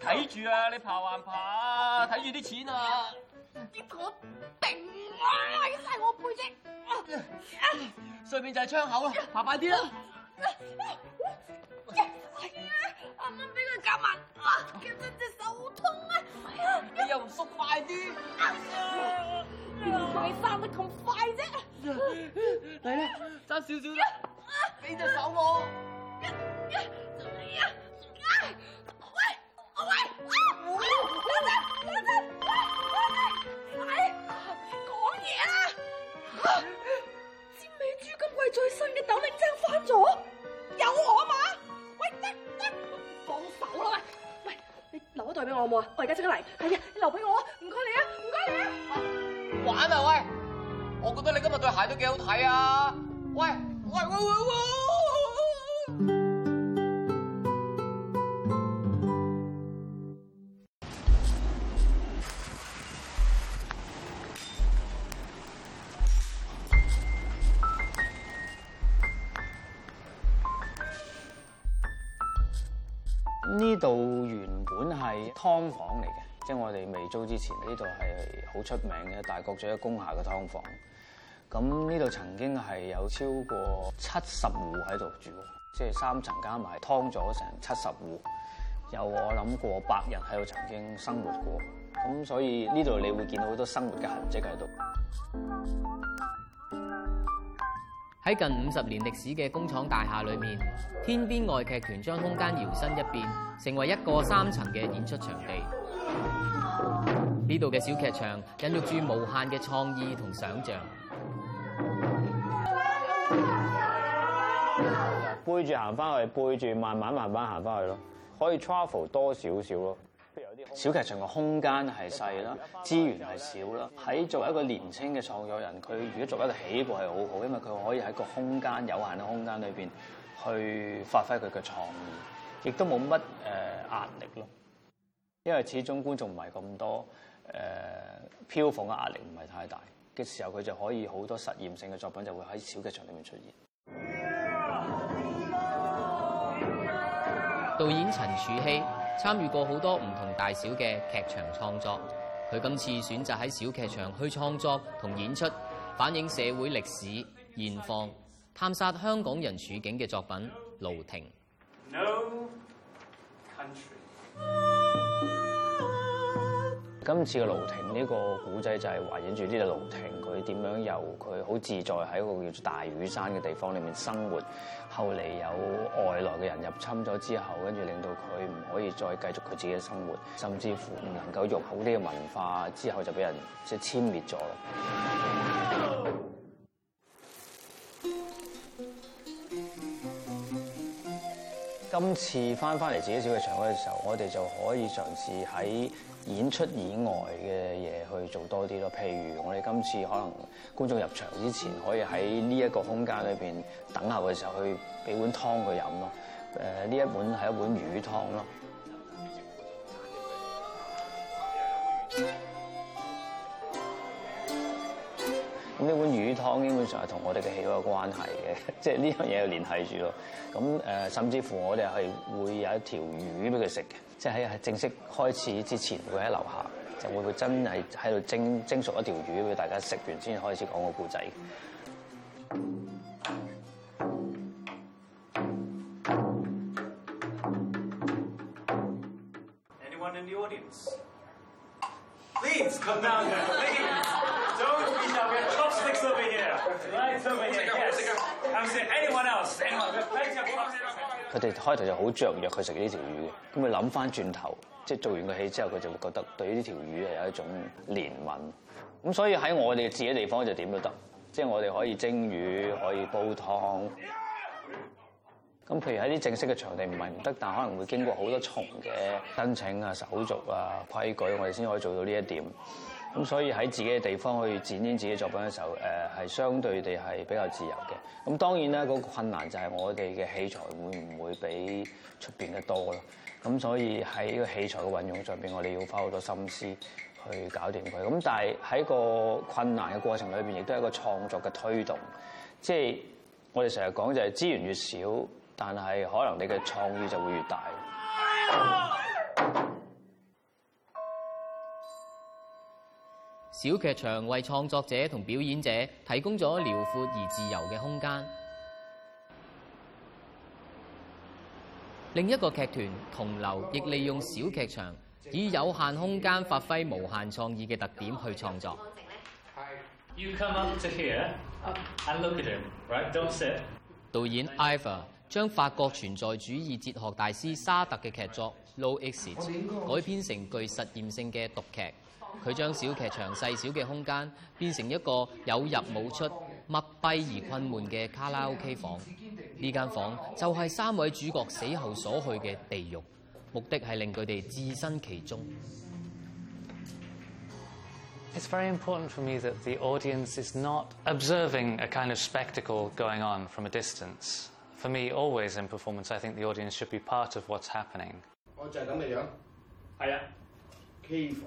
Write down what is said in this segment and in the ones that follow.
睇住啊，你爬還不爬啊！睇住啲錢啊！我頂啊！晒我背脊！上面就係窗口啦，爬快啲啦！啱啱俾佢夾埋，夾到隻手好痛啊！又唔縮快啲？點解生得咁快啫？嚟啦，爭少少啦，俾隻手我。喂，喂，喂，老細，老細、啊，喂，喂喂喂喂！細老細喂喂喂講嘢啦！哈，占美朱今季最新嘅斗零踭翻咗，有我嘛？喂喂喂，放手啦喂！喂，你留一對俾我好唔好啊？我而家即刻嚟，係啊，你留俾我，唔該你，你啊，唔該你啊玩！玩啊喂，我覺得你今日對鞋都幾好睇啊！喂喂喂喂。喂喂喂喂喂因為我哋未租之前，呢度係好出名嘅大角咀一工廈嘅劏房。咁呢度曾經係有超過七十戶喺度住，即係三層加埋劏咗成七十戶，有我諗過百人喺度曾經生活過。咁所以呢度你會見到好多生活嘅痕跡喺度。喺近五十年歷史嘅工廠大廈裏面，天邊外劇團將空間搖身一變，成為一個三層嘅演出場地。呢度嘅小劇場孕育住無限嘅創意同想像，背住行翻去，背住慢慢慢慢行翻去咯，可以 travel 多少少咯。小劇場嘅空間係細啦，資源係少啦。喺作為一個年輕嘅創作人，佢如果作為一個起步係好好，因為佢可以喺個空間有限嘅空間裏邊去發揮佢嘅創意，亦都冇乜誒壓力咯。因為始終觀眾唔係咁多。誒票房嘅壓力唔係太大嘅時候，佢就可以好多實驗性嘅作品就會喺小劇場裏面出現。Yeah! Yeah! Yeah! 導演陳曙曦參與過好多唔同大小嘅劇場創作，佢今次選擇喺小劇場去創作同演出，反映社會歷史現況，探索香港人處境嘅作品《盧亭》no country。今次嘅《盧亭》呢個古仔就係圍繞住呢個盧亭，佢點樣由佢好自在喺一個叫做大嶼山嘅地方裏面生活，後嚟有外來嘅人入侵咗之後，跟住令到佢唔可以再繼續佢自己嘅生活，甚至乎唔能夠育好呢個文化，之後就俾人即係殲滅咗。今次返返嚟自己小劇場嗰陣時候，我哋就可以嘗試喺演出以外嘅嘢去做多啲咯，譬如我哋今次可能觀眾入場之前，可以喺呢一個空間裏邊等候嘅時候，去俾碗湯佢飲咯。誒、呃，呢一碗係一碗魚湯咯。湯基本上係同我哋嘅氣有關係嘅，即係呢樣嘢係聯繫住咯。咁誒、呃，甚至乎我哋係會有一條魚俾佢食嘅，即係喺正式開始之前會喺樓下就會,會真係喺度蒸蒸熟一條魚俾大家食完先開始講個故仔。Anyone in the audience? Please come down here, please. 佢哋開頭就好雀躍，佢食呢條魚，咁佢諗翻轉頭，即係做完個戲之後，佢就會覺得對呢條魚係有一種憐憫。咁所以喺我哋自己地方就點都得，即係我哋可以蒸魚，可以煲湯。咁譬如喺啲正式嘅場地唔係唔得，但可能會經過好多重嘅申請啊、手續啊、規矩，我哋先可以做到呢一點。咁所以喺自己嘅地方去展現自己作品嘅時候，誒、呃，係相對地係比較自由嘅。咁當然啦，嗰、嗰個困難就係我哋嘅器材會唔會比出邊得多咯？咁所以喺呢個器材嘅運用上邊，我哋要花好多心思去搞掂佢。咁但係喺個困難嘅過程裏邊，亦都係一個創作嘅推動。即、就、係、是、我哋成日講，就係資源越少，但係可能你嘅創意就會越大。嗯小劇場為創作者同表演者提供咗遼闊而自由嘅空間。另一個劇團同流亦利用小劇場以有限空間發揮無限創意嘅特點去創作。導演 Iva 將法國存在主義哲學大師沙特嘅劇作《No Exit》改編成具實驗性嘅獨劇。佢將小劇場細小嘅空間變成一個有入冇出、密閉而困悶嘅卡拉 OK 房。呢間房就係三位主角死後所去嘅地獄，目的係令佢哋置身其中。It's very important for me that the audience is not observing a kind of spectacle going on from a distance. For me, always in performance, I think the audience should be part of what's happening. 我就係咁嘅樣，係啊，K 房。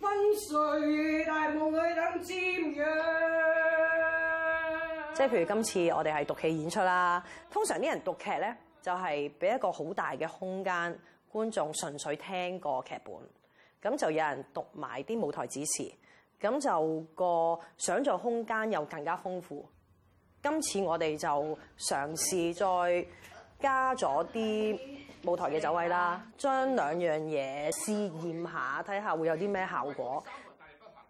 昏睡大夢裏等尖樣，即係譬如今次我哋係讀戲演出啦。通常啲人讀劇咧，就係、是、俾一個好大嘅空間，觀眾純粹聽個劇本，咁就有人讀埋啲舞台指示，咁就個想像空間又更加豐富。今次我哋就嘗試再加咗啲舞台嘅走位啦，將兩樣嘢試驗下，睇下會有啲咩效果。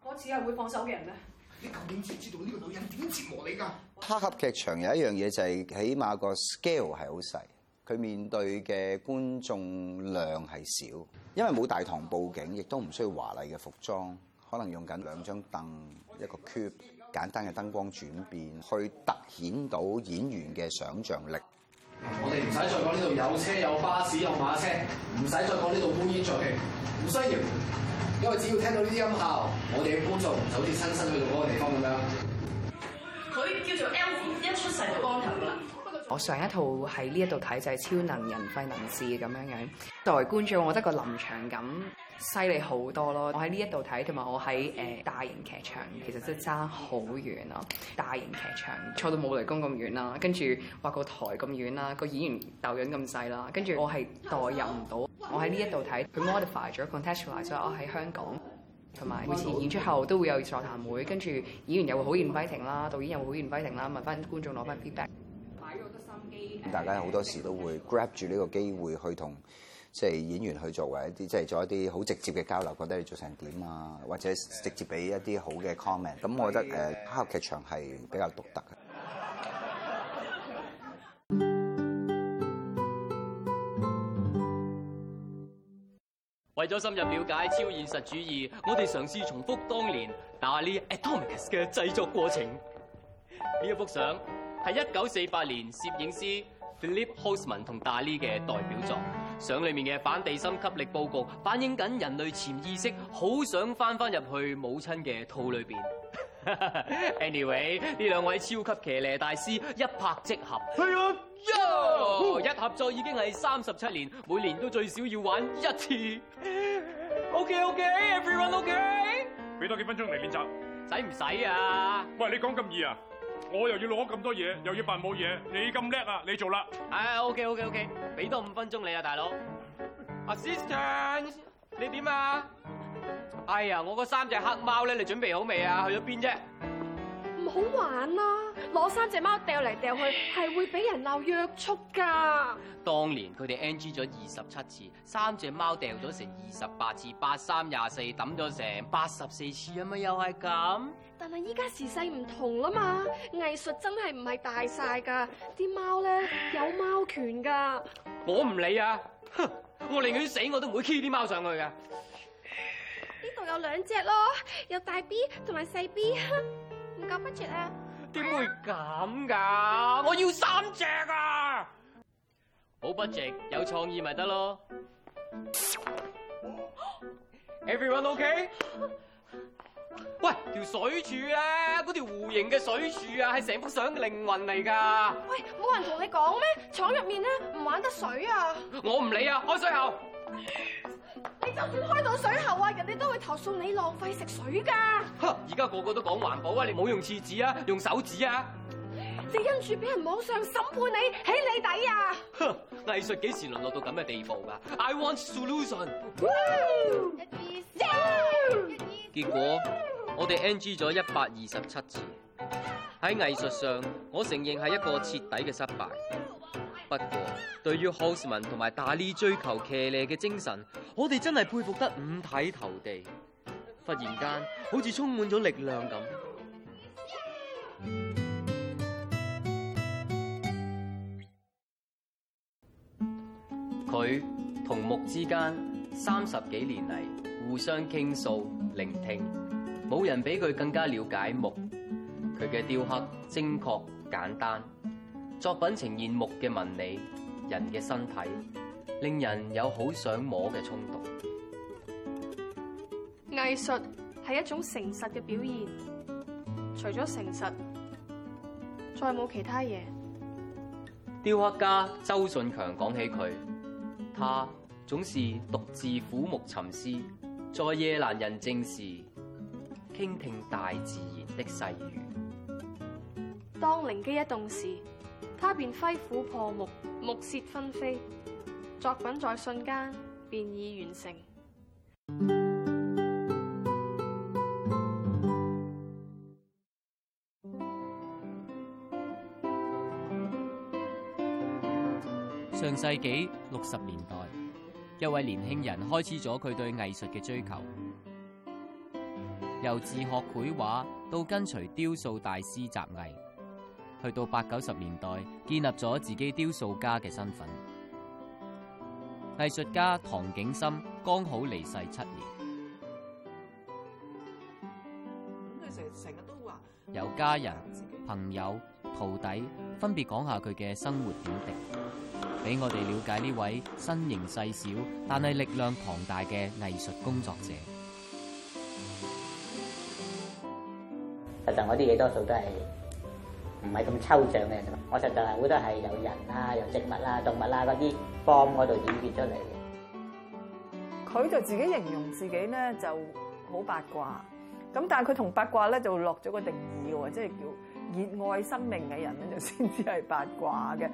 我只係會放手嘅人咧。你究竟知唔知道呢個女人點折磨你㗎？黑盒劇場有一樣嘢就係，起碼個 scale 係好細，佢面對嘅觀眾量係少，因為冇大堂布景，亦都唔需要華麗嘅服裝，可能用緊兩張凳一個 cube 簡單嘅燈光轉變去凸顯到演員嘅想象力。我哋唔使再講呢度有車有巴士有馬車，唔使再講呢度烏煙瘴氣，唔需要，因為只要聽到呢啲音效，我哋嘅工作就好似親身去到嗰個地方咁樣。佢叫做 Elf 一出世就光頭噶啦。我上一套喺呢一度睇就係超能人廢能事咁樣樣。作為觀眾，我覺得個臨場感犀利好多咯。我喺呢一度睇，同埋我喺誒、呃、大型劇場，其實即係爭好遠咯。大型劇場坐到冇雷公咁遠啦，跟住畫個台咁遠啦，個演員豆樣咁細啦，跟住我係代入唔到。我喺呢一度睇，佢 modify 咗 contextualize 咗。我喺香港，同埋每次演出後都會有座談會，跟住演員又會好 inviting 啦，導演又會好 inviting 啦，問翻觀眾攞翻 feedback。擺好多心機。大家好多時都會 grab 住呢個機會去同。即係演員去做，佢作為一啲即係做一啲好直接嘅交流，覺得你做成點啊？或者直接俾一啲好嘅 comment。咁我覺得誒，黑劇場係比較獨特嘅。為咗深入了解超現實主義，我哋嘗試重複當年 Dali Atomicus 嘅製作過程。呢一幅相係一九四八年攝影師 Philip Hosman 同達利嘅代表作。相裏面嘅反地心吸力報告，反映緊人類潛意識好想翻翻入去母親嘅肚裏面。Anyway，呢兩位超級騎呢大師一拍即合，係啊，一一合作已經係三十七年，每年都最少要玩一次，okay。OK，OK，Everyone，OK，okay, okay? 俾多幾分鐘嚟練習，使唔使啊？喂，你講咁易啊？我又要攞咁多嘢，又要扮冇嘢，你咁叻啊，你做啦！唉，OK OK OK，俾多五分鐘你啊，大佬。Assistant，你點啊？哎呀，我個三隻黑貓咧，你準備好未啊？去咗邊啫？唔好玩啊！攞三隻貓掉嚟掉去係會俾人鬧約束噶。當年佢哋 NG 咗二十七次，三隻貓掉咗成二十八次，八三廿四抌咗成八十四次嘛，咪又係咁。但係依家時勢唔同啦嘛，藝術真係唔係大晒噶。啲貓咧有貓權噶，我唔理啊！哼，我寧願死我都唔會 K 啲貓上去噶。呢度有兩隻咯，有大 B 同埋細 B，唔夠不絕啊！點會咁噶？我要三隻啊！好不值，有創意咪得咯。Everyone，OK？Okay? 喂，條水柱咧，嗰條弧形嘅水柱啊，係成幅相嘅靈魂嚟噶。喂，冇人同你講咩？廠入面咧，唔玩得水啊！我唔理啊，開水喉。你就算開到水喉啊，人哋都會投訴你浪費食水噶。哈！而家個個都講環保啊，你唔好用廁紙啊，用手指啊。你因住俾人網上審判你，起你底啊。哈！藝術幾時淪落到咁嘅地步噶？I want solution. Yeah. Yeah. Yeah. 結果，yeah. 我哋 NG 咗一百二十七次。喺藝術上，我承認係一個徹底嘅失敗。不過，對於 Halsman 同埋 Dali 追求騎呢嘅精神，我哋真係佩服得五體投地。忽然間，好似充滿咗力量咁。佢同木之間三十幾年嚟互相傾訴、聆聽，冇人比佢更加了解木。佢嘅雕刻精確、簡單。作品呈現木嘅紋理，人嘅身體，令人有好想摸嘅衝動。藝術係一種誠實嘅表現，除咗誠實，再冇其他嘢。雕刻家周進強講起佢，他總是獨自苦目沉思，在夜闌人靜時，傾聽大自然的細語。當靈機一動時。他便揮斧破木，木屑紛飛。作品在瞬間便已完成。上世紀六十年代，一位年輕人開始咗佢對藝術嘅追求，由自學繪畫到跟隨雕塑大師習藝。去到八九十年代，建立咗自己雕塑家嘅身份。藝術家唐景森剛好離世七年。咁佢成成日都話，由家人、朋友、徒弟，分別講下佢嘅生活點滴，俾我哋了解呢位身形細小但係力量龐大嘅藝術工作者。其實我啲嘢多數都係唔係咁抽象嘅，我實在係好多係由人啦、由植物啦、動物啦嗰啲方嗰度演變出嚟嘅。佢就自己形容自己咧就好八卦咁，但係佢同八卦咧就落咗個定義喎，即係叫熱愛生命嘅人咧就先至係八卦嘅。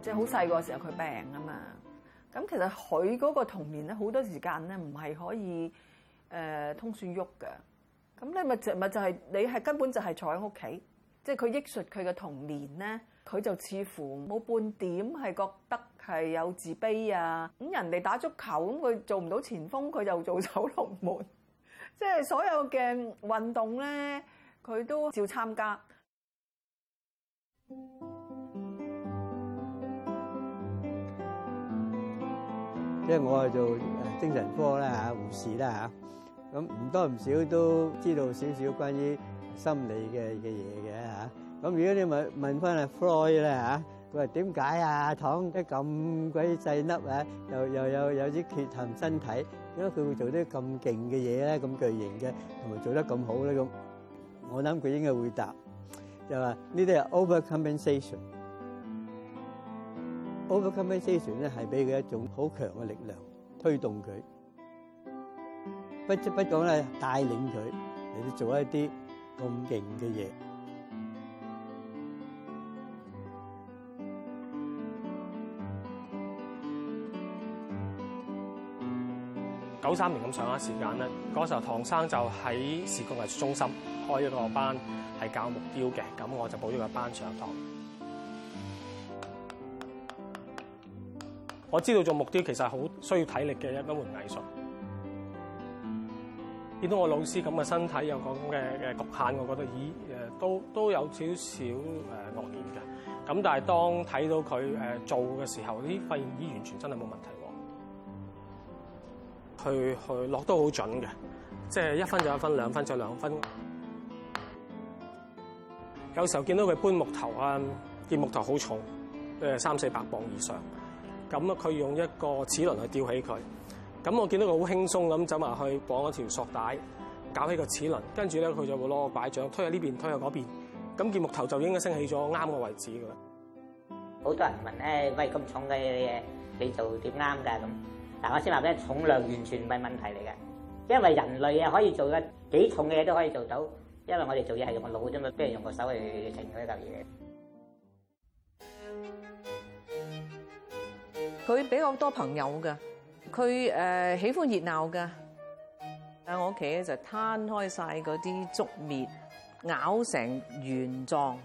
即係好細個時候佢病啊嘛，咁其實佢嗰個童年咧好多時間咧唔係可以。誒通算喐嘅，咁你咪植物就係、係、你係根本就係坐喺屋企，即係佢憶述佢嘅童年咧，佢就似乎冇半點係覺得係有自卑啊！咁人哋打足球，咁佢做唔到前鋒，佢就做走龍門， 即係所有嘅運動咧，佢都照參加。即係我係做精神科啦，嚇、啊，護士啦。嚇、啊。咁唔多唔少都知道少少關於心理嘅嘅嘢嘅嚇。咁如果你問問翻阿弗洛伊咧嚇，佢話點解啊唐得咁鬼細粒啊，又又有有啲缺陷身體，點解佢會做啲咁勁嘅嘢咧？咁巨型嘅同埋做得咁好咧？咁我諗佢應該會答，就話呢啲係 overcompensation。overcompensation 咧係俾佢一種好強嘅力量推動佢。不知不講咧，帶領佢，你都做一啲咁勁嘅嘢。九三年咁上下時間咧，嗰時候唐生就喺視覺藝術中心開咗個班，係教木雕嘅，咁我就報咗個班上堂。我知道做木雕其實好需要體力嘅一一門藝術。見到我老師咁嘅身體有個咁嘅嘅局限，我覺得咦誒，都都有少少誒惡念嘅。咁但係當睇到佢誒做嘅時候，啲發現已完全真係冇問題。佢佢落得好準嘅，即係一分就一分，兩分就兩分。有時候見到佢搬木頭啊，啲木頭好重誒，三四百磅以上，咁啊佢用一個齒輪去吊起佢。咁我見到佢好輕鬆咁走埋去綁咗條索帶，搞起個齒輪，跟住咧佢就會攞個拐杖推喺呢邊，推喺嗰邊。咁件木頭就應該升起咗啱嘅位置嘅。好多人問咧，喂咁重嘅嘢，你做點啱㗎咁？嗱，我先話俾你，重量完全唔係問題嚟嘅，因為人類啊可以做嘅幾重嘅嘢都可以做到，因為我哋做嘢係用個腦啫嘛，不如用個手嚟承嗰嚿嘢。佢比較多朋友㗎。佢誒、呃、喜歡熱鬧㗎，喺我屋企咧就攤開晒嗰啲竹篾，咬成圓狀，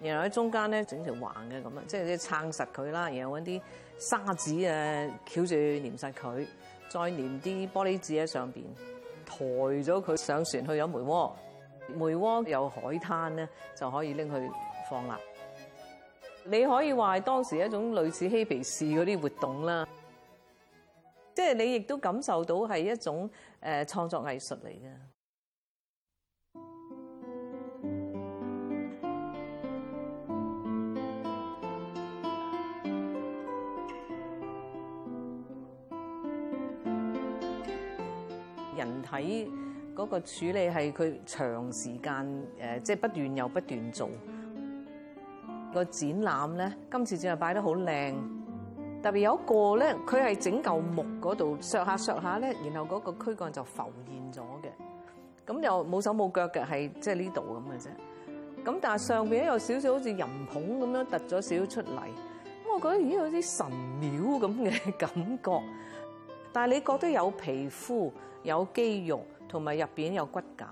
然後喺中間咧整成橫嘅咁樣，即係即係撐實佢啦，然後揾啲沙子誒翹住黏實佢，再黏啲玻璃紙喺上邊，抬咗佢上船去有梅窩，梅窩有海灘咧就可以拎去放啦。你可以話當時一種類似嬉皮士嗰啲活動啦。即係你亦都感受到係一種誒創作藝術嚟嘅。人體嗰個處理係佢長時間誒即係，就是，不斷又不斷做個展覽咧。今次淨係擺得好靚。特別有一個咧，佢係整嚿木嗰度削下削下咧，然後嗰個軀幹就浮現咗嘅，咁又冇手冇腳嘅，係即係呢度咁嘅啫。咁但係上邊有少少好似人捧咁樣突咗少少出嚟，咁我覺得咦有啲神廟咁嘅感覺。但係你覺得有皮膚、有肌肉同埋入邊有骨架，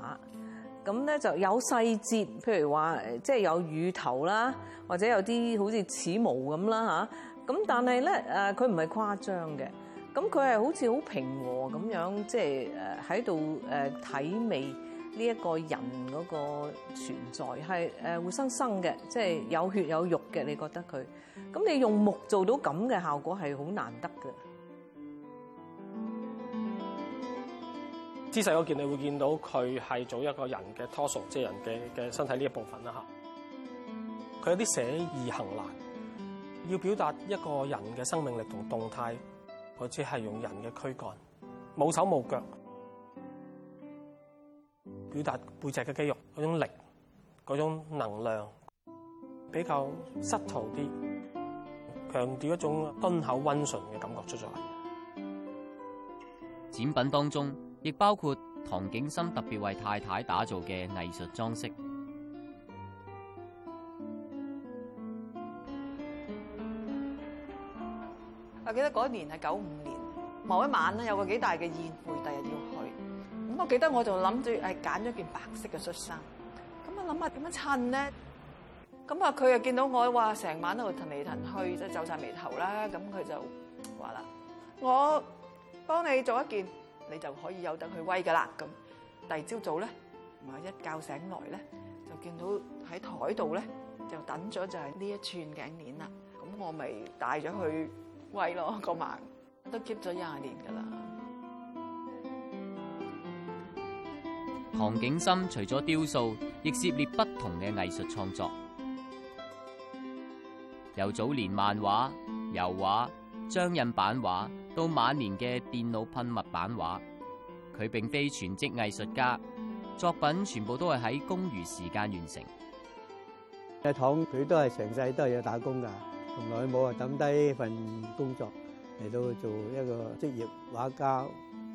咁咧就有細節，譬如話即係有乳頭啦，或者有啲好似恥毛咁啦嚇。咁但係咧，誒佢唔係誇張嘅，咁佢係好似好平和咁樣，即係誒喺度誒體味呢一個人嗰個存在，係誒活生生嘅，即係有血有肉嘅。你覺得佢，咁你用木做到咁嘅效果係好難得嘅。姿勢，我見你會見到佢係做一個人嘅 torso，即係人嘅嘅身體呢一部分啦嚇。佢有啲寫意行難。要表達一個人嘅生命力同動態，好似係用人嘅軀幹，冇手冇腳，表達背脊嘅肌肉嗰種力、嗰種能量，比較濕頭啲，強調一種敦厚溫順嘅感覺出咗嚟。展品當中亦包括唐景森特別為太太打造嘅藝術裝飾。我記得嗰年係九五年，某一晚咧有個幾大嘅宴會，第日要去。咁我記得我就諗住係揀咗件白色嘅恤衫。咁啊諗下點樣襯咧？咁啊佢又見到我，話成晚喺度騰嚟騰去，即係皺晒眉頭啦。咁佢就話啦：我幫你做一件，你就可以有得去威噶啦。咁第二朝早咧，咪一覺醒來咧，就見到喺台度咧就等咗就係呢一串頸鏈啦。咁我咪帶咗去。貴咯，個盲都 keep 咗廿年噶啦。唐景森除咗雕塑，亦涉獵不同嘅藝術創作，由早年漫畫、油畫、張印版畫，到晚年嘅電腦噴墨版畫。佢並非全職藝術家，作品全部都係喺公餘時間完成。阿唐，佢都係成世都係有打工噶。從來冇話抌低份工作嚟到做一個職業畫家，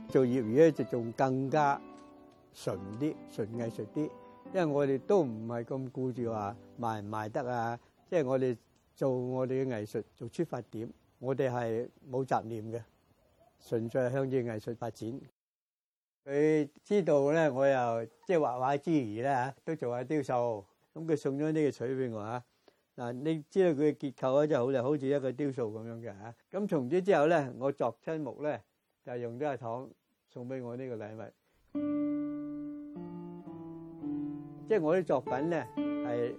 做業餘咧就仲更加純啲、純藝術啲。因為我哋都唔係咁顧住話賣唔賣得啊，即係我哋做我哋嘅藝術做出發點，我哋係冇雜念嘅，純粹係向住藝術發展。佢知道咧，我又即係畫畫之餘咧吓，都做下雕塑。咁佢送咗呢個鎚俾我啊！嗱，你知道佢嘅結構咧真係好靚，好似一個雕塑咁樣嘅嚇。咁從此之後咧，我作親木咧就係用咗阿唐送俾我呢個禮物，即係我啲作品咧係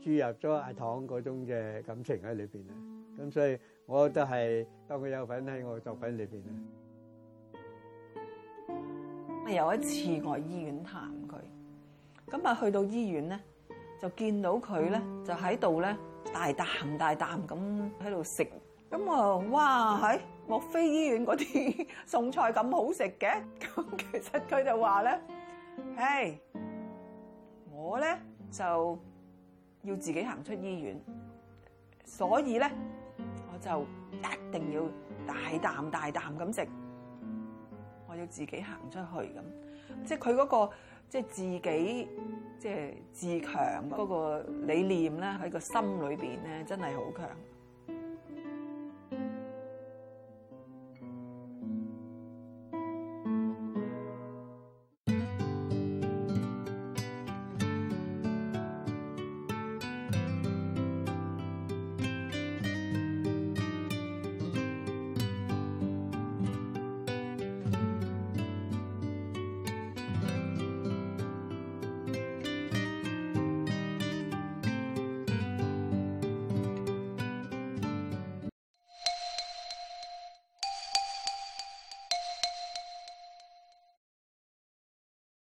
注入咗阿唐嗰種嘅感情喺裏邊啊。咁所以我都係當佢有份喺我嘅作品裏邊啊。有一次我去醫院探佢，咁啊去到醫院咧。就見到佢咧，就喺度咧大啖大啖咁喺度食，咁啊哇係莫非醫院嗰啲餸菜咁好食嘅？咁其實佢就話咧：唉，我咧就要自己行出醫院，所以咧我就一定要大啖大啖咁食，我要自己行出去咁，即係佢嗰個。即係自己，即係自強嗰個理念咧，喺個心裏邊咧，真係好強。